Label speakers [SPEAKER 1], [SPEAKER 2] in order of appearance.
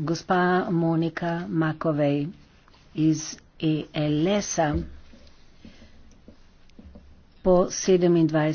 [SPEAKER 1] gospa Monika Makovej iz ELS-a po 27.